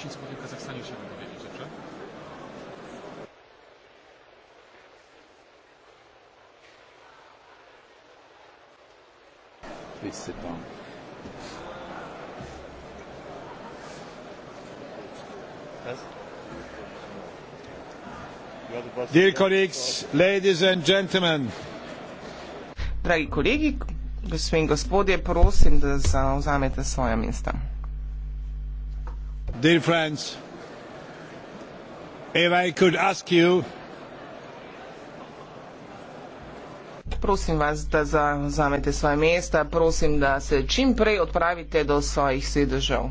Kosińsku w Kazachstanie się dowiedzieć jeszcze? Please sit down. Dear colleagues, ladies and gentlemen. Dragi kolegi, gospe in gospodje, prosim, da zauzamete svoja mesta. Dear friends, if I could ask you Prosim vas, da zauzamete svoje mesta, prosim, da se čim prej odpravite do svojih sedežev.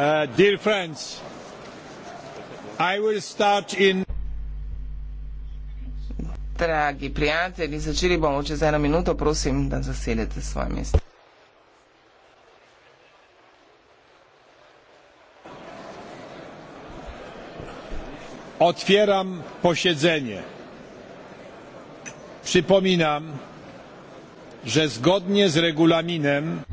Uh, dear friends, I will start in... Dragi prijatelji, začeli bomo čez eno minuto, prosim, da zasedete svoje mesto. Otvieram posiedzenie. Przypominam, że zgodnie z regulaminem...